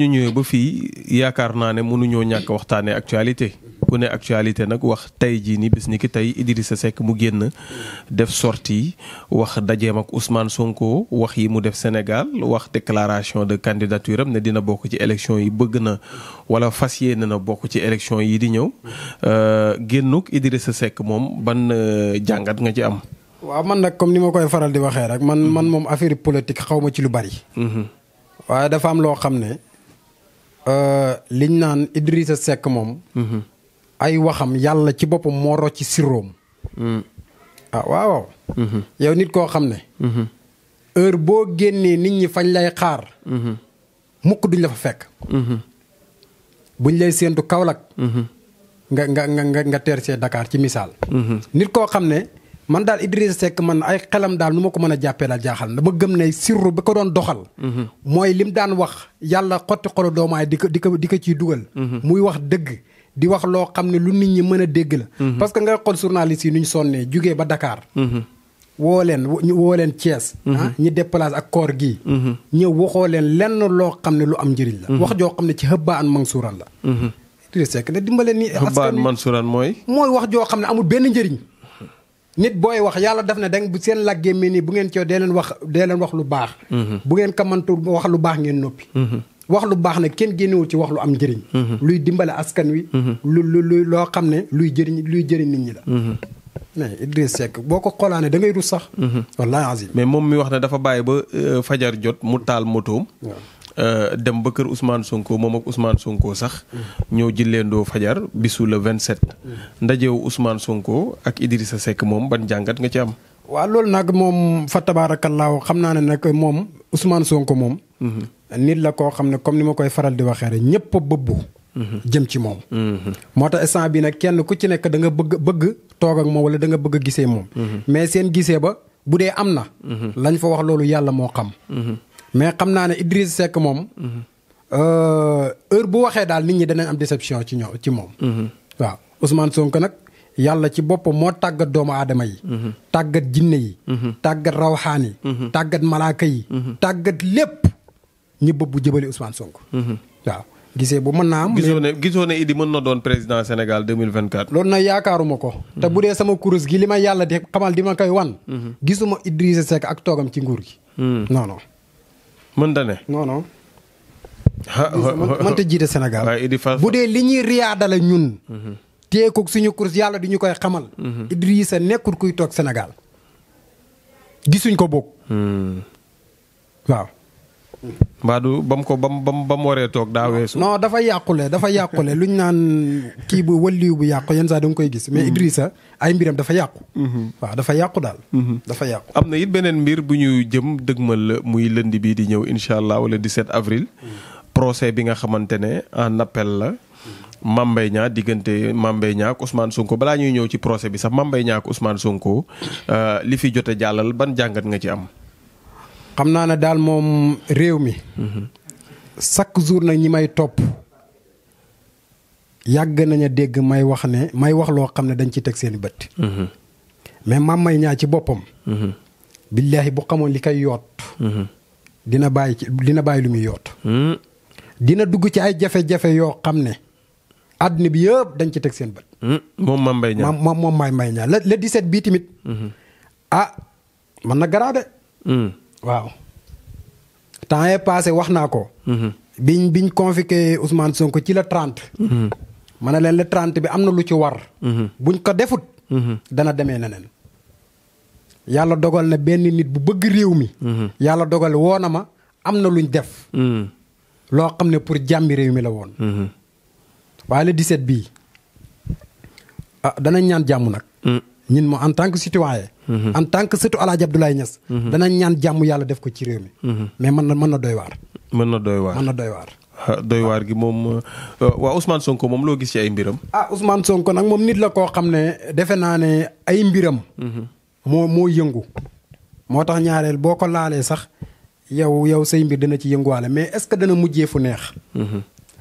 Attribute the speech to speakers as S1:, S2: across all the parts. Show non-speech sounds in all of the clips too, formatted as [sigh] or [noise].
S1: ñu ñëwee ba fii yaakaar naa ne mënuñoo ñàkk waxtaanee actualité ku ne actualité nag wax tey jii ni bis ni ki tey sa sekk mu génn def sorti wax dajeem ak Ousmane Sonko wax yi mu def Sénégal wax déclaration de candidature am ne dina bokk ci élection yi bëgg na wala fas yéene na bokk ci élection yi di ñëw euh, génnuk sa Seck moom ban euh, jàngat nga ci am.
S2: waaw man nag comme ni ma koy faral di waxee rek man man moom affaire politique xaw ma ci lu bari. Mm-hmm. Euh, liñ naan Idrissa Seck moom. ay waxam yàlla ci boppam moro ci siroom. Mm-hmm. ah waaw. Mm-hmm. yow nit koo xam ne. Mm-hmm. heure boo génnee nit ñi fañ lay xaar. mukk duñ la fa fekk. buñ lay séentu Kaolack. nga nga nga nga teer see Dakar ci misaal. nit koo xam ne. man daal Idrissa Seck man ay xelam daal nu ma ko mën a jàppee daal jaaxal na ba gëm ne sirru bi ko doon doxal. Mhm. mooy lim daan wax yàlla xotti xolu doomaay di ko di ko di ko ciy dugal. Mhm. muy wax dëgg. di wax loo xam ne lu nit ñi mën a dégg la. Mhm. parce que nga xool journaliste yi nu ñu sonnee jugee ba Dakar. woo leen woo leen Thiès. Ah ñi déplacé ak koor gii. ñëw waxoo leen lenn loo xam ne lu am njëriñ la. wax joo xam ne ci xëbbaa an mansuuraan la. Idrissa Seck da dimbale ni. askan
S1: wi mooy.
S2: mooy wax joo xam ne amul benn njëriñ. nit booy wax yàlla def na danga bu seen làggee mel nii bu ngeen coow dee leen wax dee leen wax lu baax mm-hmm. bu ngeen kamantu wax lu baax ngeen noppi mm-hmm. wax lu baax nag kenn génnewul ci wax lu am njëriñ mm-hmm. luy dimbale askan wi lu lu lu loo xam ne luy jëriñ luy jëriñ nit ñi la mais Idriss Seck boo ko xoolaanee da ngay rus sax wallaahi azim
S1: mais moom mi wax ne dafa bàyyi ba euh, fajar jot mu taal motoom Euh, dem ba kër Ousmane Sonko moom ak Ousmane Sonko sax. ñëw jilleendoo fajar bisu le 27. ndajewu Ousmane Sonko ak Idrissa Seck moom ban jàngat nga ci am.
S2: waaw loolu nag moom fa tabaarakallaahu xam naa ne nag moom Ousmane Sonko moom. Mhm. nit la koo xam ne comme ni ma koy faral di waxee rek ñëpp a bëbbu. Mhm. jëm ci moom. Mhm. moo tax instant bii nag kenn ku ci nekk da nga bëgg bëgg toog ak moom wala da nga bëgg gisee moom. mais seen gisee ba bu dee am na. lañ fa wax loolu yàlla moo xam. mais xam naa ne Idriss Seck moom. Euh, heure bu waxee daal nit ñi danañ am déception ci ñoo ci moom. Mm-hmm. waaw Ousmane sonk nag yàlla ci boppam moo tàggat doomu aadama yi. Mm-hmm. tàggat jinne yi. Mm-hmm. tàggat rawxaan yi. tàggat malaaka yi. tàggat lépp ñu bëgg bu jëbali Ousmane Sonko. waaw gisee bu man naa am. gisoo
S1: ne gisoo ne Idi mën na doon président Sénégal 2024.
S2: loolu nag yaakaaruma ko. te bu dee sama kurus gi li ma yàlla di xamal di ma koy wan. gisuma Idrissa Seck ak toogam ci nguur gi. Mm. mën da ne. non non. mënta jiite Sénégal. bu dee li ñuy riyaada ñun. Mhm. teeku suñu course yàlla du ñu koy xamal. Mhm. Idrissa nekkul kuy toog Sénégal. gisuñ ko boog.
S1: Hmm. waaw. mbaa du ba mu ko ba mu ba mu waree toog daa weesu. non
S2: dafa yàqule dafa yàqule ñu naan kii bu wëlliw bu yàqu yenn saa da koy gis. mais mhm. sax ay mbiram dafa yàqu. Mhm. waaw dafa yàqu daal. Mhm. dafa
S1: yàqu. am na it beneen mbir bu ñu jëm dëgmal muy lundi bii di ñëw incha allah wala 17 avril. procès bi nga xamante ne en nappel la. Mame Mbaye Niang diggante Mame Mbaye Niang ak Ousmane Sonko balaa ñuy ñëw ci procès bi sax Mame Mbaye Niang ak Ousmane Sonko [coughs] euh, li fi jot jàllal ban jàngat nga ci
S2: am. xam naa ne daal moom réew mi. Mhm. chaque jour nag ñi may topp yàgg nañ dégg may wax ne may wax loo xam ne dañ ci teg seen bët. Mhm. mais maam may ñaa ci boppam. Mhm. billaahi bu xamoon li kay yoot. dina bàyyi ci dina bàyyi lu muy yoot. dina dugg ci ay jafe-jafe yoo xam ne. àdduna bi yëpp dañ ci teg seen bët.
S1: moom maam Mbaye Niang
S2: moom moom maam Mbaye Niang le le 17 bii tamit. ah man na garaaw waaw temps yee passé wax naa ko. Mhm. biñ biñ convoqué Ousmane Sonko ci la 30. Mhm. ma ne leen le 30 bi am na lu ci war. Mhm. buñ ko defut. dana demee neneen. yàlla dogal na benn nit bu bëgg réew mi. yàlla dogal woo na ma am na luñ def. loo xam ne pour jàmmi réew mi la woon. waaye le 17 bii a ah, danañ ñaan jàmmu nag. Mm. ñun mo en tant que citoyen Mm-hmm. en tant que surtout Alaaji lay Niass. Mm-hmm. danañ ñaan jàmm yàlla def ko ci réew mi. Mm-hmm. mais man na mën na doy waar.
S1: mën na doy waar na doy waar. doy waar gi moom euh, euh, waa Ousmane Sonko moom loo gis ci ay mbiram.
S2: ah Ousmane Sonko nag moom nit la koo xam ne defe naa ne ay mbiram. moo moo yëngu. moo tax ñaareel boo ko laalee sax yow yow say mbir dana ci yënguwaale mais est-ce que dana mujjee fu neex.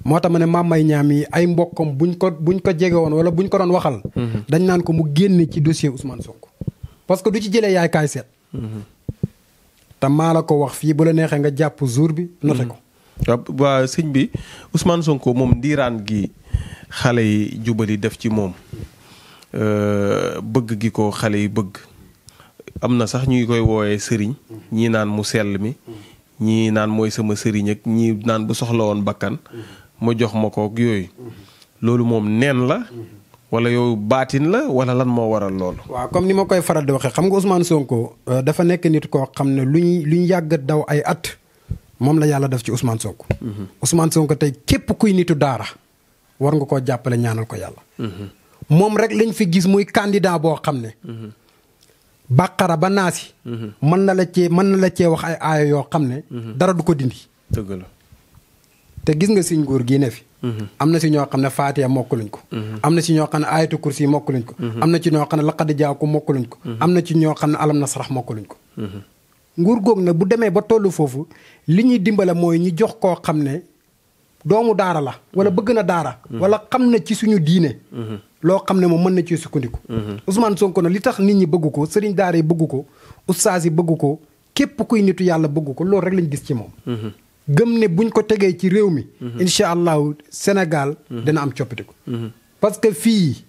S2: moo tax ma ne maam may ñaam yi ay mbokkam buñ ko buñ ko jege woon wala buñ ko doon waxal. dañ naan ko mu génne ci dossier Ousmane Sonko. parce que du ci jëlee yaay kaay seet. te maa la ko wax fii bu la neexee nga jàpp jour bi. noté ko
S1: mm-hmm. waaw sëñ bi Ousmane Sonko moom ndiiraan gi xale yi jubali def ci moom euh, bëgg gi ko xale yi bëgg am na sax ñuy koy wooyee sëriñ ñii naan mu sell mi ñii naan mooy sama sëriñ ak ñii naan bu soxla woon bakkan mu jox ma ko ak yooyu mm-hmm. loolu moom neen la mm-hmm. wala yow baatin la
S2: wala lan moo waral loolu. waaw comme ni ma koy faral di waxee xam nga Ousmane Sonko euh, dafa nekk nit koo xam ne lu ñu lu ñu yàgg daw ay at moom la yàlla def ci Ousmane Sonko. Mhm. Ousmane Sonko tey képp kuy nitu daara war nga koo jàppale ñaanal ko yàlla. Mhm. moom rek lañ fi gis muy candidat boo xam ne. Mhm. bàqara ba naasi. mën na la cee mën na la cee wax ay aaya yoo xam ne. dara du ko dindi. dëgg la. te gis nga si nguur gii ne fi. Mhm. am na si ñoo xam ne Faatiha mokkuluñ ko. Mhm. am na si ñoo xam ne Ayatul Kursi mokkuluñ ko. Mhm. am na ci ñoo xam ne Laqad Jaaku mokkuluñ ko. am na ci ñoo xam ne Alam na Nasrah mokkuluñ ko. nguur googu nag bu demee ba tollu foofu li ñuy dimbale mooy ñu jox koo xam ne doomu daara la wala bëgg na daara. wala xam na ci suñu diine. loo xam ne moom mën na ci sukkandiku. Ousmane Sonko na li tax nit ñi bëggu ko sëriñ daara yi bëgg ko ustaas yi bëgg ko képp kuy yàlla bëgg ko loolu rek lañ gis ci moom. gëm ne buñ ko tegee ci réew mi. Mhm. incha allahu Sénégal. Mhm. dana am coppitiku. Mhm. parce que fii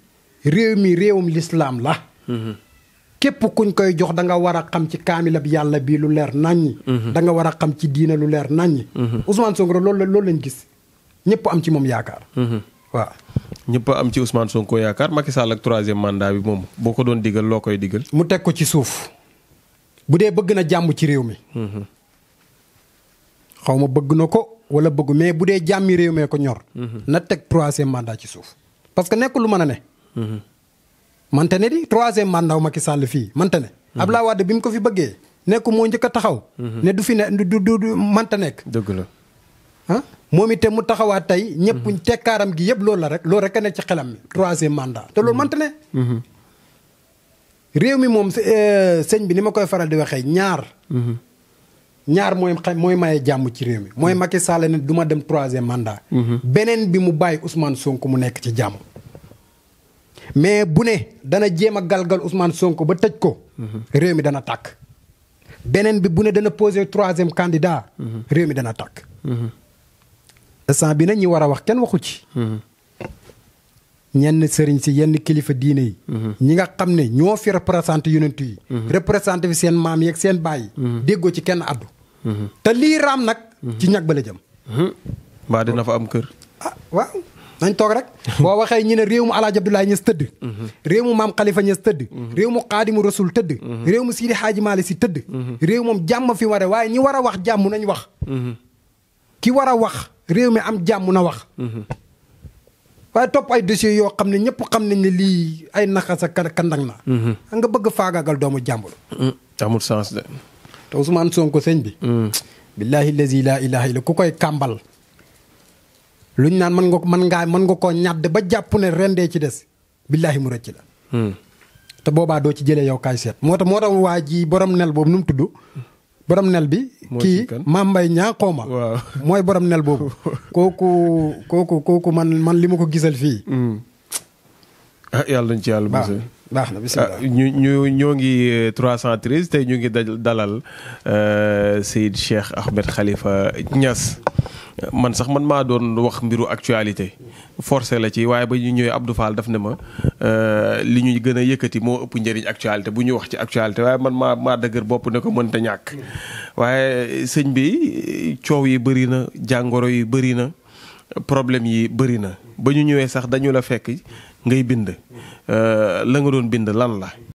S2: réew mi réewum lislaam la. képp kuñ koy jox da nga war a xam ci kaamilab yàlla bii lu leer naññi. da nga war a xam ci diina lu leer naññi. Ousmane Sonko loolu la loolu lañ gis ñëpp am ci moom yaakaar.
S1: waaw ñëpp am ci Ousmane Sonko yaakaar Macky Sall ak troisième mandat bi moom boo ko doon digal loo koy digal.
S2: mu teg ko ci suuf bu dee bëgg na jàmm ci réew mi. xaw ma bëgg na ko wala bëgg mais bu dee jàmmi réew mee ko ñor. Mhm. na teg troisième mandat ci suuf. parce que nekk lu mën a ne. Mhm. mante ne di troisième mandat Macky Sall fii mante ne. Mhm. Abdoulaye Wade bi mu ko fi bëggee nekku moo njëkk a taxaw. ne du fi nekk du du manta nekk. dëgg la ah moom itam mu taxawaat tey. ñëpp tekkaaram gi yëpp loolu la rek loolu rekk a nekk ci xelam mi troisième mandat te loolu manta ne. réew mi moom eh, sëñ bi ni ma koy faral di waxee ñaar. ñaar mooy xa mooy maye jàmm ci réew mi mooy mm-hmm. Macky Sall ne duma dem troisième mandat. Mm-hmm. beneen bi mu bàyyi Ousmane sonk mu nekk ci jàmm. mais bu ne dana jéem a galgal Ousmane Sonko ba tëj ko. Mm-hmm. réew mi dana tàkk. beneen bi bu ne dana posé troisième candidat. réew mi dana tàkk. instant bi nag ñi war a wax kenn waxu ci. ñenn sëriñ si yenn kilifa diine yi. ñi nga xam ne ñoo fi représenté yonent yi. représenté fi seen maam yeeg seen baay yi. déggoo ci kenn addu. te lii raam nag. ci ñag ba la jëm. mbaa na fa am kër. ah waaw nañ toog rek. boo waxee ñu ne réew mu Alaaji Abdoulaye Ñas tëdd. réew mu maam Khalifa Ñas tëdd. réew mu Xaadimu Rasul tëdd. réew mu Sidi Xaaji Maalik Si tëdd. réew moom jàmm fi ware waaye ñi war a wax jàmm nañ wax. ki war a wax réew mi am jàmm na wax. waaye topp ay dossiers yoo xam ne ñëpp xam nañ ne lii ay naxas ak kandang na. Mhm. nga bëgg faagaagal doomu jàmbur. Mhm. amul sens de. te Ousmane Sonko sëñ bi. Mm. billahi lazi laa ilaha illa ku koy kàmbal. luñ naan mën nga ko mën ngaa mën nga koo ñàdd ba jàpp ne rendee ci des billahi mu rëcc la. Mm. te boobaa doo ci jëlee yow kaay seet. moo tax moo tax waa ji borom nel boobu nu mu tudd. borom nel bi kii Mame Mbaye Niang xooma mooy borom nel boobu [laughs] kooku kooku kooku man man li ma ko gisal fii mm.
S1: Ah, yàlla nañ ci yàlla
S2: musal baax na
S1: bisimilah ah, ñu ñu ñoo ngi 313 euh, tey ñu ngi dalal euh, Seydi Cheikh Ahmed xalifa ñas man sax man maa doon wax mbiru actualité forcé la ci waaye ba ñu ñëwee Abdou Fall daf ne ma euh, li ñuy gën a yëkkati moo ëpp njëriñ actualité bu ñu wax ci actualité waaye man maa maa dëgër bopp ne ko mënta ñàkk waaye sëñ bi coow yi bëri na jàngoro yi bëri na problème yi bëri na ba ñu ñëwee sax dañu la fekk ngay bind euh, la nga doon bind lan la